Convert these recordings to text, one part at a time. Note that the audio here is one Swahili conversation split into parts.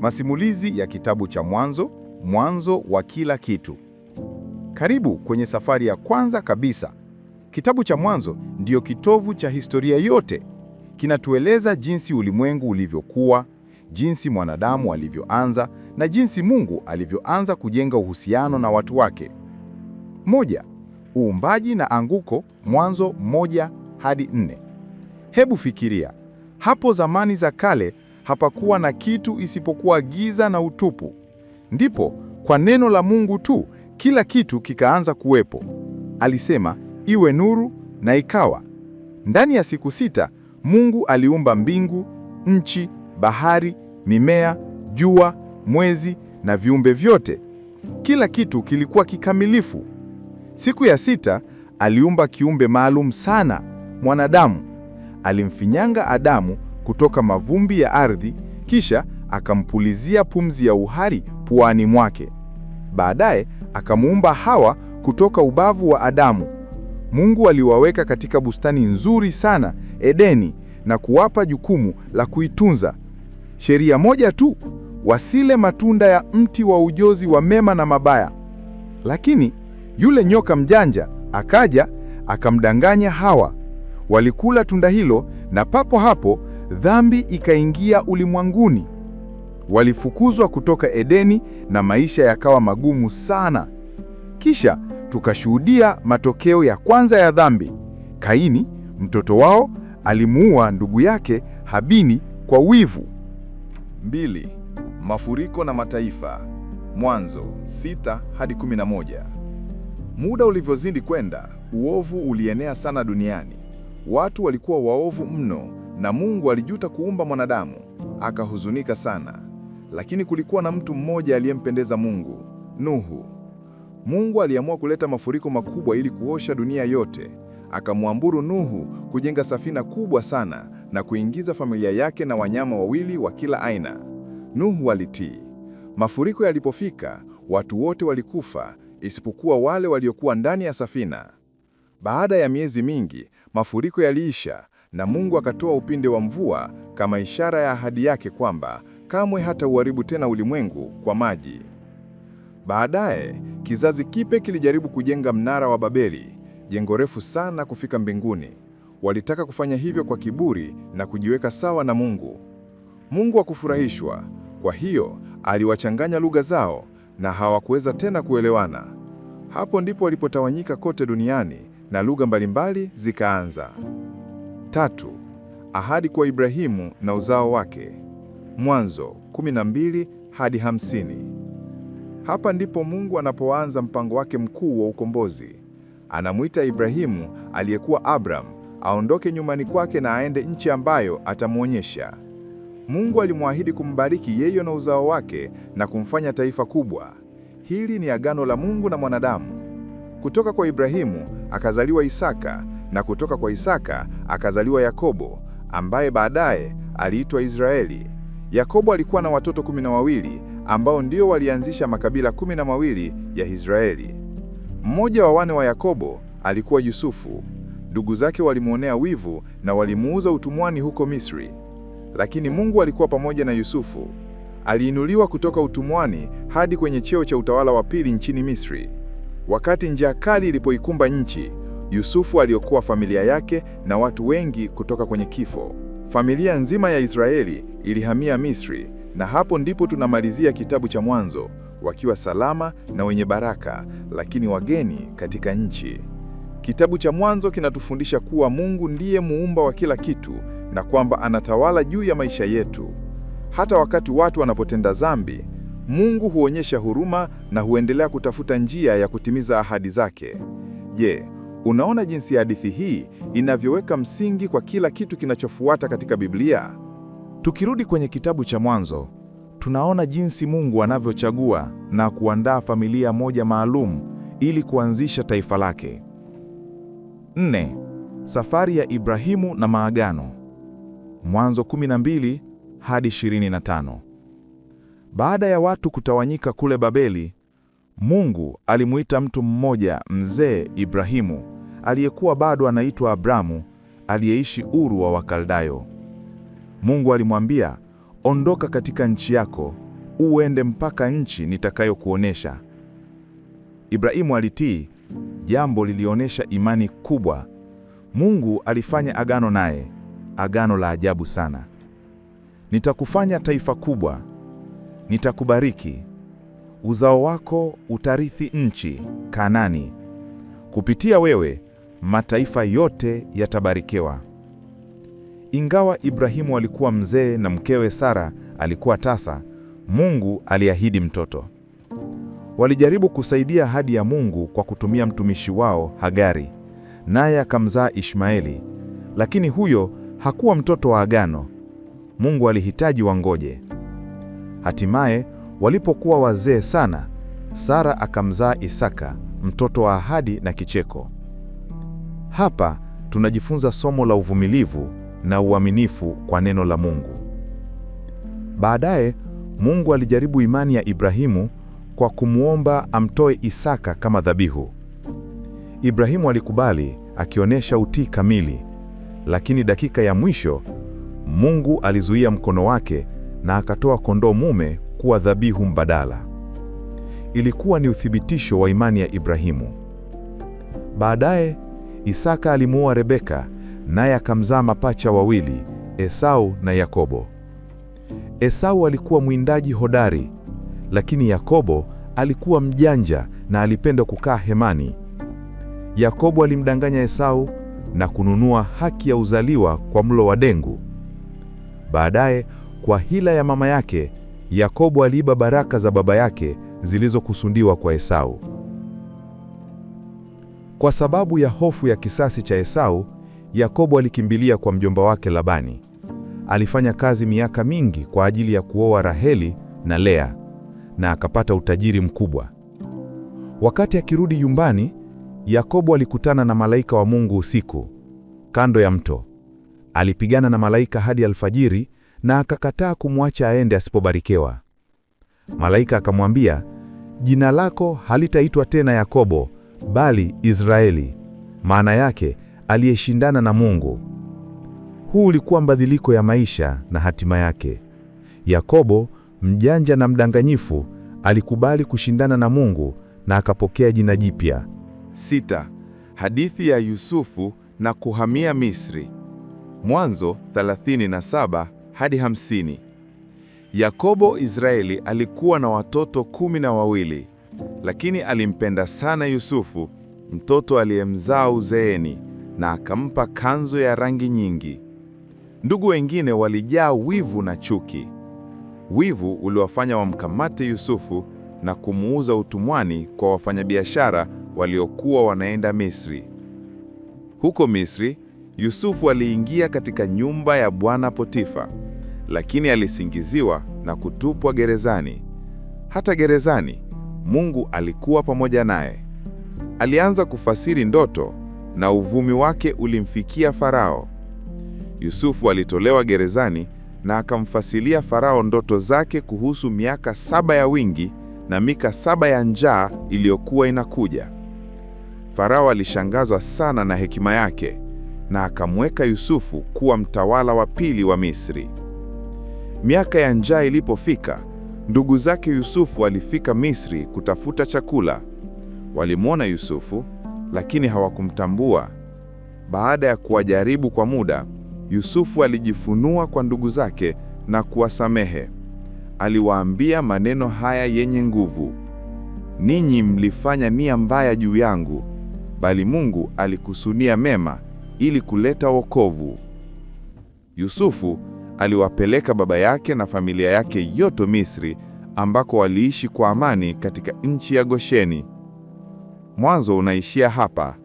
Masimulizi ya kitabu cha Mwanzo, mwanzo wa kila kitu. Karibu kwenye safari ya kwanza kabisa. Kitabu cha Mwanzo ndiyo kitovu cha historia yote. Kinatueleza jinsi ulimwengu ulivyokuwa, jinsi mwanadamu alivyoanza na jinsi Mungu alivyoanza kujenga uhusiano na watu wake. Moja, uumbaji na anguko, Mwanzo moja hadi nne. Hebu fikiria, hapo zamani za kale hapakuwa na kitu isipokuwa giza na utupu. Ndipo kwa neno la Mungu tu kila kitu kikaanza kuwepo. Alisema iwe nuru, na ikawa. Ndani ya siku sita Mungu aliumba mbingu, nchi, bahari, mimea, jua, mwezi na viumbe vyote. Kila kitu kilikuwa kikamilifu. Siku ya sita aliumba kiumbe maalum sana, mwanadamu. Alimfinyanga Adamu kutoka mavumbi ya ardhi, kisha akampulizia pumzi ya uhai puani mwake. Baadaye akamuumba Hawa kutoka ubavu wa Adamu. Mungu aliwaweka katika bustani nzuri sana, Edeni, na kuwapa jukumu la kuitunza. Sheria moja tu, wasile matunda ya mti wa ujuzi wa mema na mabaya. Lakini yule nyoka mjanja akaja akamdanganya Hawa. Walikula tunda hilo na papo hapo dhambi ikaingia ulimwenguni. Walifukuzwa kutoka Edeni na maisha yakawa magumu sana. Kisha tukashuhudia matokeo ya kwanza ya dhambi. Kaini, mtoto wao, alimuua ndugu yake habini kwa wivu. Mbili, mafuriko na mataifa. Mwanzo sita hadi kumi na moja. Muda ulivyozidi kwenda, uovu ulienea sana duniani. Watu walikuwa waovu mno na Mungu alijuta kuumba mwanadamu, akahuzunika sana. Lakini kulikuwa na mtu mmoja aliyempendeza Mungu, Nuhu. Mungu aliamua kuleta mafuriko makubwa ili kuosha dunia yote. Akamwamuru Nuhu kujenga safina kubwa sana na kuingiza familia yake na wanyama wawili wa kila aina. Nuhu alitii. Mafuriko yalipofika, watu wote walikufa isipokuwa wale waliokuwa ndani ya safina. Baada ya miezi mingi, mafuriko yaliisha na Mungu akatoa upinde wa mvua kama ishara ya ahadi yake kwamba kamwe hata uharibu tena ulimwengu kwa maji. Baadaye kizazi kipe kilijaribu kujenga mnara wa Babeli, jengo refu sana kufika mbinguni. Walitaka kufanya hivyo kwa kiburi na kujiweka sawa na Mungu. Mungu hakufurahishwa, kwa hiyo aliwachanganya lugha zao na hawakuweza tena kuelewana. Hapo ndipo walipotawanyika kote duniani na lugha mbalimbali zikaanza. Tatu, ahadi kwa Ibrahimu na uzao wake. Mwanzo 12 hadi 50. Hapa ndipo Mungu anapoanza mpango wake mkuu wa ukombozi. Anamwita Ibrahimu aliyekuwa Abram aondoke nyumbani kwake na aende nchi ambayo atamwonyesha. Mungu alimwahidi kumbariki yeye na uzao wake na kumfanya taifa kubwa. Hili ni agano la Mungu na mwanadamu. Kutoka kwa Ibrahimu akazaliwa Isaka na kutoka kwa Isaka akazaliwa Yakobo ambaye baadaye aliitwa Israeli. Yakobo alikuwa na watoto kumi na wawili ambao ndio walianzisha makabila kumi na mawili ya Israeli. Mmoja wa wane wa Yakobo alikuwa Yusufu. Ndugu zake walimwonea wivu na walimuuza utumwani huko Misri, lakini Mungu alikuwa pamoja na Yusufu. Aliinuliwa kutoka utumwani hadi kwenye cheo cha utawala wa pili nchini Misri. Wakati njaa kali ilipoikumba nchi, Yusufu aliokoa familia yake na watu wengi kutoka kwenye kifo. Familia nzima ya Israeli ilihamia Misri, na hapo ndipo tunamalizia kitabu cha Mwanzo wakiwa salama na wenye baraka, lakini wageni katika nchi. Kitabu cha Mwanzo kinatufundisha kuwa Mungu ndiye muumba wa kila kitu na kwamba anatawala juu ya maisha yetu. Hata wakati watu wanapotenda dhambi, Mungu huonyesha huruma na huendelea kutafuta njia ya kutimiza ahadi zake. Je, Unaona jinsi ya hadithi hii inavyoweka msingi kwa kila kitu kinachofuata katika Biblia. Tukirudi kwenye kitabu cha Mwanzo, tunaona jinsi Mungu anavyochagua na kuandaa familia moja maalum ili kuanzisha taifa lake. Nne, safari ya Ibrahimu na maagano. Mwanzo 12 hadi 25. Baada ya watu kutawanyika kule Babeli, Mungu alimuita mtu mmoja mzee Ibrahimu, aliyekuwa bado anaitwa Abramu, aliyeishi Uru wa Wakaldayo. Mungu alimwambia, ondoka katika nchi yako, uende mpaka nchi nitakayokuonesha. Ibrahimu alitii, jambo lilionyesha imani kubwa. Mungu alifanya agano naye, agano la ajabu sana. Nitakufanya taifa kubwa. Nitakubariki uzao wako utarithi nchi kanani Kupitia wewe mataifa yote yatabarikiwa. Ingawa Ibrahimu alikuwa mzee na mkewe Sara alikuwa tasa, Mungu aliahidi mtoto. Walijaribu kusaidia ahadi ya Mungu kwa kutumia mtumishi wao Hagari, naye akamzaa Ishmaeli, lakini huyo hakuwa mtoto wa agano. Mungu alihitaji wangoje. Hatimaye Walipokuwa wazee sana, Sara akamzaa Isaka, mtoto wa ahadi na kicheko. Hapa tunajifunza somo la uvumilivu na uaminifu kwa neno la Mungu. Baadaye Mungu alijaribu imani ya Ibrahimu kwa kumwomba amtoe Isaka kama dhabihu. Ibrahimu alikubali akionyesha utii kamili, lakini dakika ya mwisho Mungu alizuia mkono wake na akatoa kondoo mume kuwa dhabihu mbadala. Ilikuwa ni uthibitisho wa imani ya Ibrahimu. Baadaye Isaka alimuoa Rebeka, naye akamzaa mapacha wawili, Esau na Yakobo. Esau alikuwa mwindaji hodari, lakini Yakobo alikuwa mjanja na alipenda kukaa hemani. Yakobo alimdanganya Esau na kununua haki ya uzaliwa kwa mlo wa dengu. Baadaye, kwa hila ya mama yake, Yakobo aliiba baraka za baba yake zilizokusudiwa kwa Esau. Kwa sababu ya hofu ya kisasi cha Esau, Yakobo alikimbilia kwa mjomba wake Labani. Alifanya kazi miaka mingi kwa ajili ya kuoa Raheli na Lea na akapata utajiri mkubwa. Wakati akirudi nyumbani, Yakobo alikutana na malaika wa Mungu usiku, kando ya mto. Alipigana na malaika hadi alfajiri na akakataa kumwacha aende asipobarikiwa. Malaika akamwambia, jina lako halitaitwa tena Yakobo, bali Israeli, maana yake aliyeshindana na Mungu. Huu ulikuwa mbadiliko ya maisha na hatima yake. Yakobo, mjanja na mdanganyifu, alikubali kushindana na Mungu na akapokea jina jipya. Sita, hadithi ya Yusufu na kuhamia Misri. Mwanzo 37 hadi hamsini. Yakobo Israeli alikuwa na watoto kumi na wawili, lakini alimpenda sana Yusufu, mtoto aliyemzaa uzeeni, na akampa kanzu ya rangi nyingi. Ndugu wengine walijaa wivu na chuki. Wivu uliwafanya wamkamate Yusufu na kumuuza utumwani kwa wafanyabiashara waliokuwa wanaenda Misri. Huko Misri, Yusufu aliingia katika nyumba ya bwana Potifa, lakini alisingiziwa na kutupwa gerezani. Hata gerezani, Mungu alikuwa pamoja naye. Alianza kufasiri ndoto na uvumi wake ulimfikia Farao. Yusufu alitolewa gerezani na akamfasilia Farao ndoto zake kuhusu miaka saba ya wingi na mika saba ya njaa iliyokuwa inakuja. Farao alishangazwa sana na hekima yake na akamweka Yusufu kuwa mtawala wa pili wa Misri. Miaka ya njaa ilipofika, ndugu zake Yusufu alifika Misri kutafuta chakula. Walimwona Yusufu lakini hawakumtambua. Baada ya kuwajaribu kwa muda, Yusufu alijifunua kwa ndugu zake na kuwasamehe. Aliwaambia maneno haya yenye nguvu: Ninyi mlifanya nia mbaya juu yangu, bali Mungu alikusudia mema ili kuleta wokovu. Yusufu aliwapeleka baba yake na familia yake yote Misri, ambako waliishi kwa amani katika nchi ya Gosheni. Mwanzo unaishia hapa,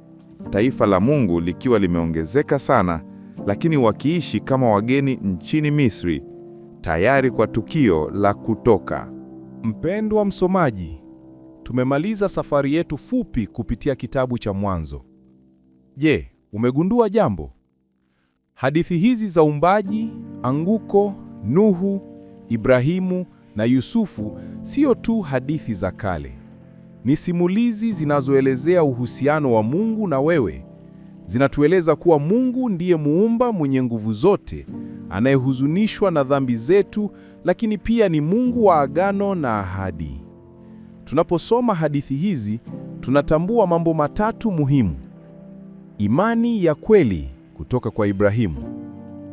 taifa la Mungu likiwa limeongezeka sana, lakini wakiishi kama wageni nchini Misri, tayari kwa tukio la kutoka. Mpendwa msomaji, tumemaliza safari yetu fupi kupitia kitabu cha Mwanzo. Je, Umegundua jambo? Hadithi hizi za uumbaji, anguko, Nuhu, Ibrahimu na Yusufu sio tu hadithi za kale. Ni simulizi zinazoelezea uhusiano wa Mungu na wewe. Zinatueleza kuwa Mungu ndiye muumba mwenye nguvu zote, anayehuzunishwa na dhambi zetu, lakini pia ni Mungu wa agano na ahadi. Tunaposoma hadithi hizi, tunatambua mambo matatu muhimu. Imani ya kweli kutoka kwa Ibrahimu.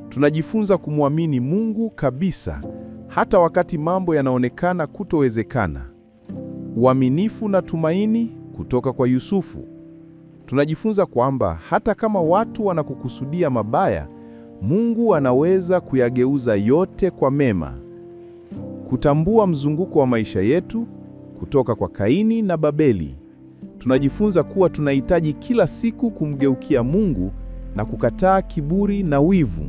Tunajifunza kumwamini Mungu kabisa hata wakati mambo yanaonekana kutowezekana. Uaminifu na tumaini kutoka kwa Yusufu. Tunajifunza kwamba hata kama watu wanakukusudia mabaya, Mungu anaweza kuyageuza yote kwa mema. Kutambua mzunguko wa maisha yetu kutoka kwa Kaini na Babeli tunajifunza kuwa tunahitaji kila siku kumgeukia Mungu na kukataa kiburi na wivu.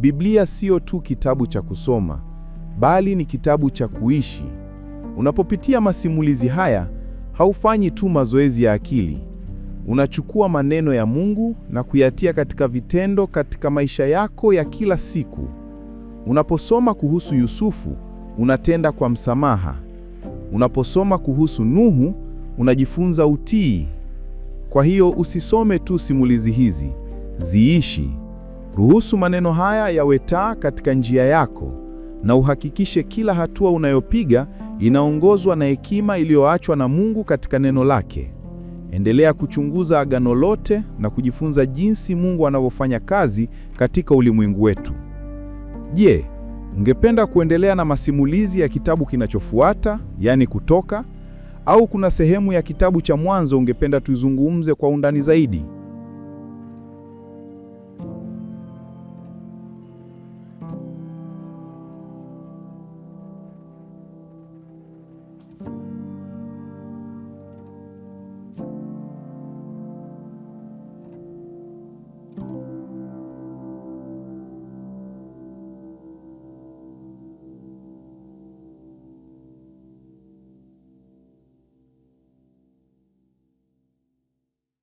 Biblia siyo tu kitabu cha kusoma, bali ni kitabu cha kuishi. Unapopitia masimulizi haya, haufanyi tu mazoezi ya akili. Unachukua maneno ya Mungu na kuyatia katika vitendo katika maisha yako ya kila siku. Unaposoma kuhusu Yusufu, unatenda kwa msamaha. Unaposoma kuhusu Nuhu, unajifunza utii. Kwa hiyo usisome tu simulizi hizi, ziishi. Ruhusu maneno haya yawe taa katika njia yako, na uhakikishe kila hatua unayopiga inaongozwa na hekima iliyoachwa na Mungu katika neno lake. Endelea kuchunguza agano lote na kujifunza jinsi Mungu anavyofanya kazi katika ulimwengu wetu. Je, ungependa kuendelea na masimulizi ya kitabu kinachofuata, yaani Kutoka? au kuna sehemu ya kitabu cha Mwanzo ungependa tuizungumze kwa undani zaidi?